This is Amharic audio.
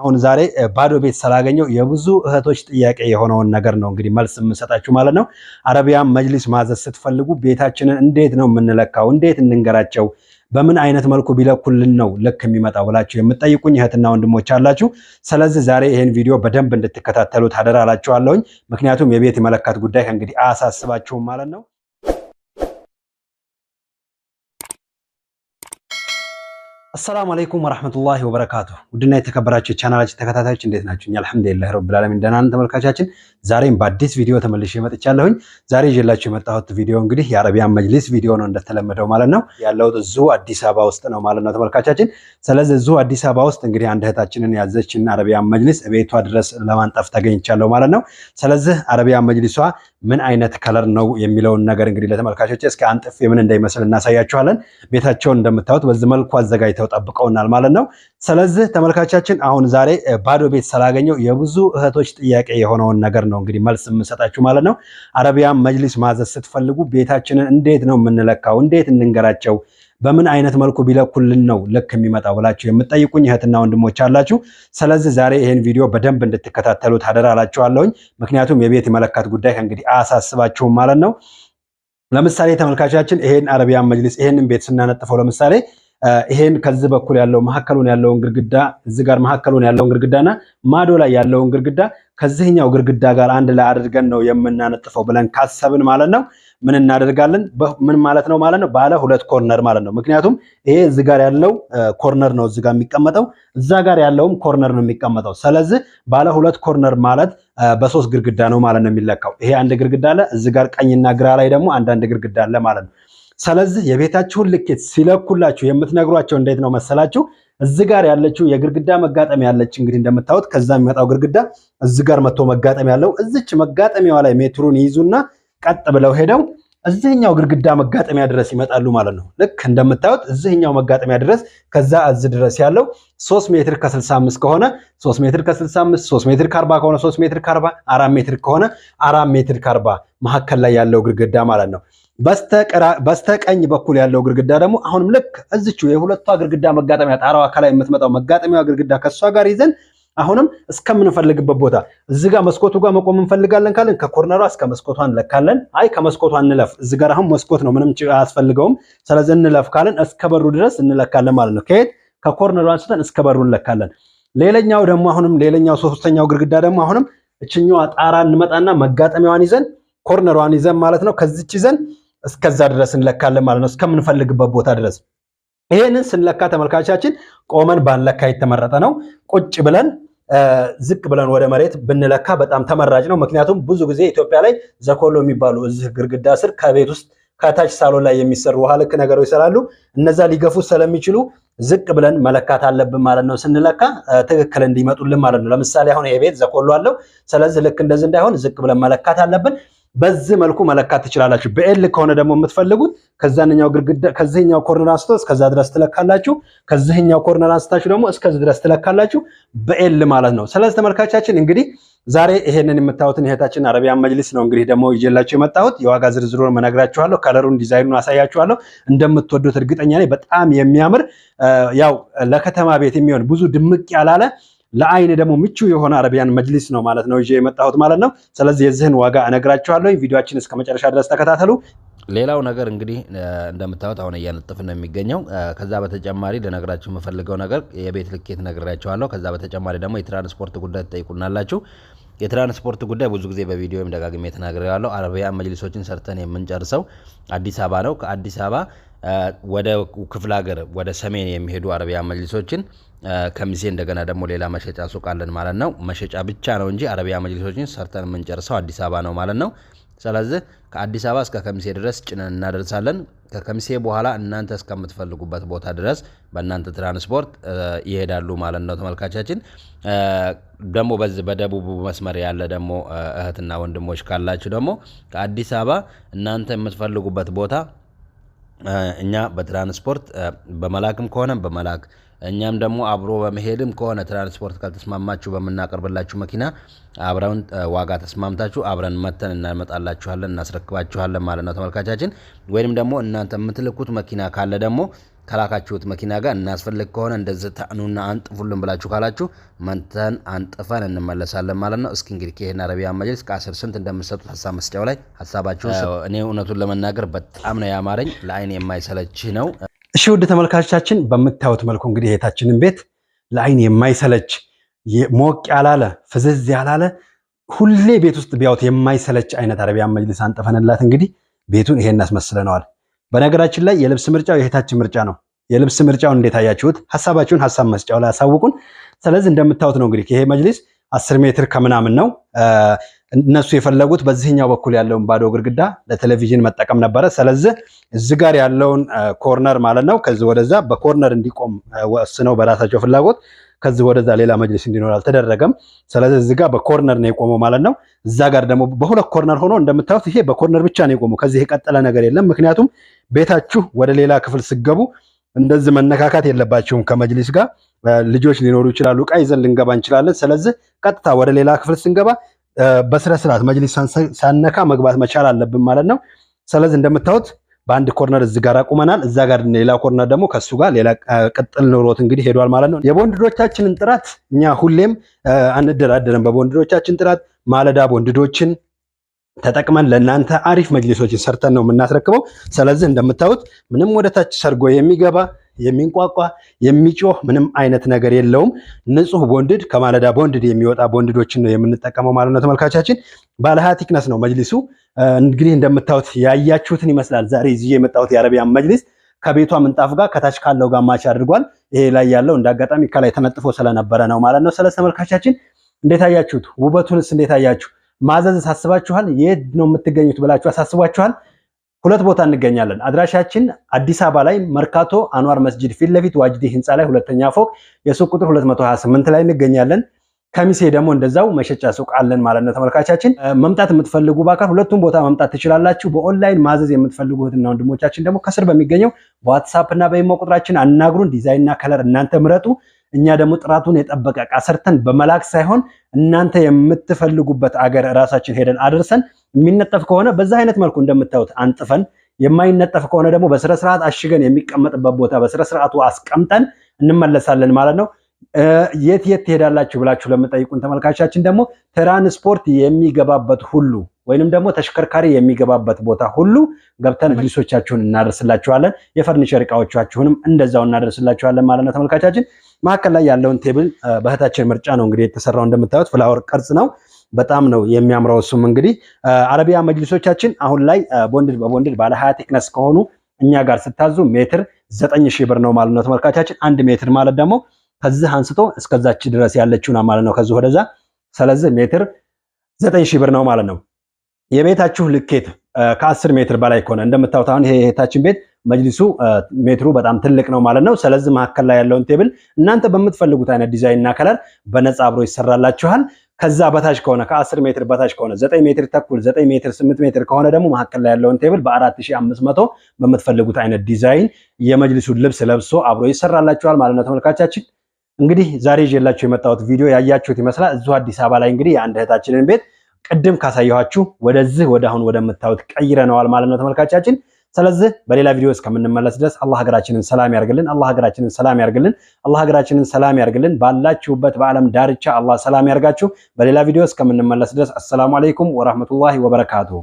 አሁን ዛሬ ባዶ ቤት ስላገኘው የብዙ እህቶች ጥያቄ የሆነውን ነገር ነው እንግዲህ መልስ የምንሰጣችሁ ማለት ነው። አረቢያን መጅሊስ ማዘዝ ስትፈልጉ ቤታችንን እንዴት ነው የምንለካው? እንዴት እንንገራቸው? በምን አይነት መልኩ ቢለኩልን ነው ልክ የሚመጣው ብላችሁ የምጠይቁኝ እህትና ወንድሞች አላችሁ። ስለዚህ ዛሬ ይህን ቪዲዮ በደንብ እንድትከታተሉት አደራ ምክንያቱም የቤት መለካት ጉዳይ ከእንግዲህ አያሳስባችሁም ማለት ነው። አሰላሙ አለይኩም ወራህመቱላሂ ወበረካቱ። ውድና የተከበራችሁ የቻናላችን ተከታታዮች እንዴት ናችሁ? እኛ አልሐምዱሊላህ ረብል ዓለሚን ደህና ነን። ተመልካቻችን ዛሬም በአዲስ ቪዲዮ ተመልሼ መጥቻለሁኝ። ዛሬ ይዤላችሁ የመጣሁት ቪዲዮ እንግዲህ የአረቢያን መጅሊስ ቪዲዮ ነው እንደተለመደው ማለት ነው። ያለሁት እዚሁ አዲስ አበባ ውስጥ ነው ማለት ነው ተመልካቻችን። ስለዚህ እዚሁ አዲስ አበባ ውስጥ እንግዲህ አንድ እህታችንን ያዘችን አረቢያን መጅሊስ ቤቷ ድረስ ለማንጠፍ ተገኝቻለሁ ማለት ነው። ስለዚህ አረቢያን መጅሊሷ ምን አይነት ከለር ነው የሚለውን ነገር እንግዲህ ለተመልካቾች እስከ አንጥፌ ምን እንደሚመስል እናሳያችኋለን። ቤታቸውን እንደምታዩት በዚህ መልኩ አዘጋጅተው ተከታይተው ጠብቀውናል ማለት ነው። ስለዚህ ተመልካቻችን አሁን ዛሬ ባዶ ቤት ስላገኘው የብዙ እህቶች ጥያቄ የሆነውን ነገር ነው እንግዲህ መልስ የምሰጣችሁ ማለት ነው። አረቢያን መጅሊስ ማዘዝ ስትፈልጉ ቤታችንን እንዴት ነው የምንለካው? እንዴት እንንገራቸው? በምን አይነት መልኩ ቢለኩልን ነው ልክ የሚመጣው ብላችሁ የምጠይቁኝ እህትና ወንድሞች አላችሁ። ስለዚህ ዛሬ ይህን ቪዲዮ በደንብ እንድትከታተሉ ታደራ አላችኋለሁኝ። ምክንያቱም የቤት መለካት ጉዳይ ከእንግዲህ አያሳስባችሁም ማለት ነው። ለምሳሌ ተመልካቻችን ይሄን አረቢያን መጅሊስ ይሄንን ቤት ስናነጥፈው ለምሳሌ ይሄን ከዚህ በኩል ያለው መሀከሉን ያለውን ግድግዳ እዚህ ጋር መሀከሉን ያለውን ግድግዳና ማዶ ላይ ያለውን ግድግዳ ከዚህኛው ግድግዳ ጋር አንድ ላይ አድርገን ነው የምናነጥፈው ብለን ካሰብን ማለት ነው ምን እናደርጋለን? ምን ማለት ነው ማለት ነው ባለ ሁለት ኮርነር ማለት ነው። ምክንያቱም ይሄ እዚህ ጋር ያለው ኮርነር ነው እዚህ ጋር የሚቀመጠው፣ እዛ ጋር ያለውም ኮርነር ነው የሚቀመጠው። ስለዚህ ባለ ሁለት ኮርነር ማለት በሶስት ግድግዳ ነው ማለት ነው የሚለካው። ይሄ አንድ ግድግዳ አለ፣ እዚህ ጋር ቀኝና ግራ ላይ ደግሞ አንዳንድ ግድግዳ አለ ማለት ነው። ስለዚህ የቤታችሁን ልኬት ሲለኩላችሁ የምትነግሯቸው እንዴት ነው መሰላችሁ? እዚህ ጋር ያለችው የግርግዳ መጋጠሚያ ያለች እንግዲህ እንደምታዩት ከዛ የሚመጣው ግርግዳ እዚህ ጋር መጥቶ መጋጠሚያ ያለው እዚች መጋጠሚያዋ ላይ ሜትሩን ይይዙና ቀጥ ብለው ሄደው እዚህኛው ግርግዳ መጋጠሚያ ድረስ ይመጣሉ ማለት ነው። ልክ እንደምታዩት እዚህኛው መጋጠሚያ ድረስ ከዛ እዚህ ድረስ ያለው 3 ሜትር ከ65 ከሆነ 3 ሜትር ከ65፣ 3 ሜትር ከ40 ከሆነ 3 ሜትር ከ40፣ 4 ሜትር ከሆነ 4 ሜትር ከ40 መካከል ላይ ያለው ግርግዳ ማለት ነው። በስተቀኝ በኩል ያለው ግድግዳ ደግሞ አሁንም ልክ እዚችው የሁለቷ ግድግዳ መጋጠሚያ ጣራዋ ከላይ የምትመጣው መጋጠሚያ ግድግዳ ከእሷ ጋር ይዘን አሁንም እስከምንፈልግበት ቦታ እዚ ጋር መስኮቱ ጋር መቆም እንፈልጋለን ካለን ከኮርነሯ እስከ መስኮቷ እንለካለን። አይ ከመስኮቷ እንለፍ፣ እዚ ጋር አሁን መስኮት ነው፣ ምንም አያስፈልገውም። ስለዚህ እንለፍ ካለን እስከ በሩ ድረስ እንለካለን ማለት ነው። ከየት ከኮርነሯ አንስተን እስከ በሩ እንለካለን። ሌላኛው ደግሞ አሁንም ሌላኛው ሶስተኛው ግድግዳ ደግሞ አሁንም እችኛዋ ጣራ እንመጣና መጋጠሚያዋን ይዘን ኮርነሯን ይዘን ማለት ነው ከዚች ይዘን እስከዛ ድረስ እንለካለን ማለት ነው፣ እስከምንፈልግበት ቦታ ድረስ። ይህንን ስንለካ ተመልካቻችን ቆመን ባንለካ የተመረጠ ነው። ቁጭ ብለን ዝቅ ብለን ወደ መሬት ብንለካ በጣም ተመራጭ ነው። ምክንያቱም ብዙ ጊዜ ኢትዮጵያ ላይ ዘኮሎ የሚባሉ እዚህ ግርግዳ ስር ከቤት ውስጥ ከታች ሳሎን ላይ የሚሰሩ ውሃ ልክ ነገሮች ይሰራሉ። እነዛ ሊገፉ ስለሚችሉ ዝቅ ብለን መለካት አለብን ማለት ነው። ስንለካ ትክክል እንዲመጡልን ማለት ነው። ለምሳሌ አሁን ይሄ ቤት ዘኮሎ አለው። ስለዚህ ልክ እንደዚህ እንዳይሆን ዝቅ ብለን መለካት አለብን። በዚህ መልኩ መለካት ትችላላችሁ። በኤል ከሆነ ደግሞ የምትፈልጉት ከዛኛው ግድግዳ ከዚህኛው ኮርነር አንስቶ እስከዛ ድረስ ትለካላችሁ። ከዚህኛው ኮርነር አንስታችሁ ደግሞ እስከዚህ ድረስ ትለካላችሁ በኤል ማለት ነው። ስለዚህ ተመልካቻችን እንግዲህ ዛሬ ይሄንን የምታዩትን እህታችን አረቢያን መጅሊስ ነው። እንግዲህ ደግሞ ይዤላችሁ የመጣሁት የዋጋ ዝርዝሩን መነግራችኋለሁ። ከለሩን፣ ዲዛይኑን አሳያችኋለሁ። እንደምትወዱት እርግጠኛ ነኝ። በጣም የሚያምር ያው ለከተማ ቤት የሚሆን ብዙ ድምቅ ያላለ ለአይን ደግሞ ምቹ የሆነ አረቢያን መጅሊስ ነው ማለት ነው ይዤ የመጣሁት ማለት ነው። ስለዚህ የዚህን ዋጋ እነግራችኋለሁ። ቪዲዮችን እስከ መጨረሻ ድረስ ተከታተሉ። ሌላው ነገር እንግዲህ እንደምታዩት አሁን እያነጠፍን ነው የሚገኘው። ከዛ በተጨማሪ ልነግራችሁ የምፈልገው ነገር የቤት ልኬት እነግራችኋለሁ። ከዛ በተጨማሪ ደግሞ የትራንስፖርት ጉዳይ ትጠይቁናላችሁ። የትራንስፖርት ጉዳይ ብዙ ጊዜ በቪዲዮ ደጋግሜ ተናግሬያለሁ። አረቢያን መጅሊሶችን ሰርተን የምንጨርሰው አዲስ አበባ ነው። ከአዲስ አበባ ወደ ክፍለ ሀገር ወደ ሰሜን የሚሄዱ አረቢያ መጅሊሶችን ከሚሴ እንደገና ደግሞ ሌላ መሸጫ ሱቅ አለን ማለት ነው። መሸጫ ብቻ ነው እንጂ አረቢያ መጅሊሶችን ሰርተን የምንጨርሰው አዲስ አበባ ነው ማለት ነው። ስለዚህ ከአዲስ አበባ እስከ ከሚሴ ድረስ ጭነን እናደርሳለን። ከከሚሴ በኋላ እናንተ እስከምትፈልጉበት ቦታ ድረስ በእናንተ ትራንስፖርት ይሄዳሉ ማለት ነው። ተመልካቻችን ደግሞ በዚህ በደቡቡ መስመር ያለ ደግሞ እህትና ወንድሞች ካላችሁ ደግሞ ከአዲስ አበባ እናንተ የምትፈልጉበት ቦታ እኛ በትራንስፖርት በመላክም ከሆነ በመላክ እኛም ደግሞ አብሮ በመሄድም ከሆነ ትራንስፖርት ካልተስማማችሁ በምናቀርብላችሁ መኪና አብረውን ዋጋ ተስማምታችሁ አብረን መተን እናመጣላችኋለን፣ እናስረክባችኋለን ማለት ነው ተመልካቻችን። ወይም ደግሞ እናንተ የምትልኩት መኪና ካለ ደግሞ ከላካችሁት መኪና ጋር እናስፈልግ ከሆነ እንደዚህ ተዕኑና አንጥፉልን ብላችሁ ካላችሁ መንተን አንጥፈን እንመለሳለን ማለት ነው። እስኪ እንግዲህ ይህን አረቢያን መጅልስ ከአስር ስንት እንደምሰጡት ሀሳብ መስጫው ላይ ሀሳባችሁ። እኔ እውነቱን ለመናገር በጣም ነው ያማረኝ፣ ለአይን የማይሰለች ነው። እሺ ውድ ተመልካቾቻችን በምታዩት መልኩ እንግዲህ የታችንን ቤት ለአይን የማይሰለች ሞቅ ያላለ ፍዝዝ ያላለ ሁሌ ቤት ውስጥ ቢያውት የማይሰለች አይነት አረቢያን መጅልስ አንጥፈንላት እንግዲህ ቤቱን ይሄን አስመስለነዋል። በነገራችን ላይ የልብስ ምርጫው የእህታችን ምርጫ ነው። የልብስ ምርጫውን እንዴት አያችሁት? ሀሳባችሁን ሀሳብ መስጫው ላይ አሳውቁን። ስለዚህ እንደምታዩት ነው እንግዲህ ይሄ መጅሊስ አስር ሜትር ከምናምን ነው እነሱ የፈለጉት በዚህኛው በኩል ያለውን ባዶ ግድግዳ ለቴሌቪዥን መጠቀም ነበረ። ስለዚህ እዚህ ጋር ያለውን ኮርነር ማለት ነው ከዚህ ወደዛ በኮርነር እንዲቆም ወስነው በራሳቸው ፍላጎት ከዚህ ወደዛ ሌላ መጅሊስ እንዲኖር አልተደረገም። ስለዚህ እዚህ ጋር በኮርነር ነው የቆመው ማለት ነው። እዛ ጋር ደግሞ በሁለት ኮርነር ሆኖ እንደምታዩት ይሄ በኮርነር ብቻ ነው የቆመው። ከዚህ የቀጠለ ነገር የለም። ምክንያቱም ቤታችሁ ወደ ሌላ ክፍል ስገቡ እንደዚህ መነካካት የለባቸውም ከመጅሊስ ጋር ልጆች ሊኖሩ ይችላሉ። ዕቃ ይዘን ልንገባ እንችላለን። ስለዚህ ቀጥታ ወደ ሌላ ክፍል ስንገባ በስነ ስርዓት መጅሊስ ሳነካ መግባት መቻል አለብን ማለት ነው። ስለዚህ እንደምታዩት በአንድ ኮርነር እዚህ ጋር አቁመናል። እዛ ጋር ሌላ ኮርነር ደግሞ ከሱ ጋር ሌላ ቅጥል ኑሮት እንግዲህ ሄዷል ማለት ነው። የቦንድዶቻችንን ጥራት እኛ ሁሌም አንደራደርም። በቦንድዶቻችን ጥራት ማለዳ ቦንድዶችን ተጠቅመን ለእናንተ አሪፍ መጅሊሶችን ሰርተን ነው የምናስረክበው። ስለዚህ እንደምታዩት ምንም ወደታች ሰርጎ የሚገባ የሚንቋቋ የሚጮህ ምንም አይነት ነገር የለውም። ንጹህ ቦንድድ ከማለዳ ቦንድድ የሚወጣ ቦንድዶችን ነው የምንጠቀመው ማለት ነው። ተመልካቻችን ባለሀያ ቲክነስ ነው መጅሊሱ። እንግዲህ እንደምታዩት ያያችሁትን ይመስላል። ዛሬ ይዤ የመጣሁት የአረቢያን መጅሊስ ከቤቷ ምንጣፍ ጋር ከታች ካለው ጋር ማች አድርጓል። ይሄ ላይ ያለው እንዳጋጣሚ ከላይ ተነጥፎ ስለነበረ ነው ማለት ነው። ስለዚህ ተመልካቻችን እንዴት አያችሁት? ውበቱንስ እንዴት አያችሁ? ማዘዝ አሳስባችኋል? የት ነው የምትገኙት ብላችሁ አሳስቧችኋል? ሁለት ቦታ እንገኛለን። አድራሻችን አዲስ አበባ ላይ መርካቶ አንዋር መስጂድ ፊት ለፊት ዋጅዲ ህንፃ ላይ ሁለተኛ ፎቅ የሱቅ ቁጥር 228 ላይ እንገኛለን። ከሚሴ ደግሞ እንደዛው መሸጫ ሱቅ አለን ማለት ነው። ተመልካቻችን መምጣት የምትፈልጉ በአካል ሁለቱም ቦታ መምጣት ትችላላችሁ። በኦንላይን ማዘዝ የምትፈልጉ እህትና ወንድሞቻችን ደግሞ ከስር በሚገኘው በዋትሳፕ እና በኢሞ ቁጥራችን አናግሩን። ዲዛይንና ከለር እናንተ ምረጡ። እኛ ደግሞ ጥራቱን የጠበቀ እቃ ሰርተን በመላክ ሳይሆን እናንተ የምትፈልጉበት አገር ራሳችን ሄደን አድርሰን የሚነጠፍ ከሆነ በዛ አይነት መልኩ እንደምታዩት አንጥፈን የማይነጠፍ ከሆነ ደግሞ በስነስርዓት አሽገን የሚቀመጥበት ቦታ በስነስርዓቱ አስቀምጠን እንመለሳለን ማለት ነው። የት የት ትሄዳላችሁ ብላችሁ ለምጠይቁን ተመልካቻችን ደግሞ ትራንስፖርት የሚገባበት ሁሉ ወይንም ደግሞ ተሽከርካሪ የሚገባበት ቦታ ሁሉ ገብተን ልብሶቻችሁን እናደርስላችኋለን። የፈርኒቸር እቃዎቻችሁንም እንደዛው እናደርስላችኋለን ማለት ነው ተመልካቻችን። መካከል ላይ ያለውን ቴብል በእህታችን ምርጫ ነው እንግዲህ የተሰራው። እንደምታዩት ፍላወር ቅርጽ ነው። በጣም ነው የሚያምረው። እሱም እንግዲህ አረቢያ መጅልሶቻችን አሁን ላይ ቦንድድ በቦንድድ ባለ ሀያ ቴክነስ ከሆኑ እኛ ጋር ስታዙ ሜትር ዘጠኝ ሺህ ብር ነው ማለት ነው ተመልካቻችን። አንድ ሜትር ማለት ደግሞ ከዚህ አንስቶ እስከዛች ድረስ ያለችው ነው ማለት ነው። ከዚህ ወደዛ ስለዚህ ሜትር ዘጠኝ ብር ነው ማለት ነው። የቤታችሁ ልኬት ከአስር ሜትር በላይ ከሆነ እንደምታዩት አሁን ይሄ የታችን ቤት መጅሊሱ ሜትሩ በጣም ትልቅ ነው ማለት ነው። ስለዚህ መካከል ላይ ያለውን ቴብል እናንተ በምትፈልጉት አይነት ዲዛይን እና ከለር በነፃ አብሮ ይሰራላችኋል። ከዛ በታች ከሆነ ከ10 ሜትር በታች ከሆነ 9 ሜትር ተኩል 9 ሜትር 8 ሜትር ከሆነ ደግሞ መካከል ላይ ያለውን ቴብል በ4500 በምትፈልጉት አይነት ዲዛይን የመጅሊሱን ልብስ ለብሶ አብሮ ይሰራላችኋል ማለት ነው ተመልካቻችን። እንግዲህ ዛሬ ይዤላችሁ የመጣሁት ቪዲዮ ያያችሁት ይመስላል። እዚሁ አዲስ አበባ ላይ እንግዲህ የአንድ እህታችንን ቤት ቅድም ካሳየኋችሁ ወደዚህ ወደ አሁን ወደምታዩት ቀይረነዋል ማለት ነው ተመልካቻችን። ስለዚህ በሌላ ቪዲዮ እስከምንመለስ ድረስ አላህ ሀገራችንን ሰላም ያርግልን። አላህ ሀገራችንን ሰላም ያርግልን። አላህ ሀገራችንን ሰላም ያርግልን። ባላችሁበት በዓለም ዳርቻ አላህ ሰላም ያርጋችሁ። በሌላ ቪዲዮ እስከምንመለስ ድረስ አሰላሙ አለይኩም ወራህመቱላሂ ወበረካቱሁ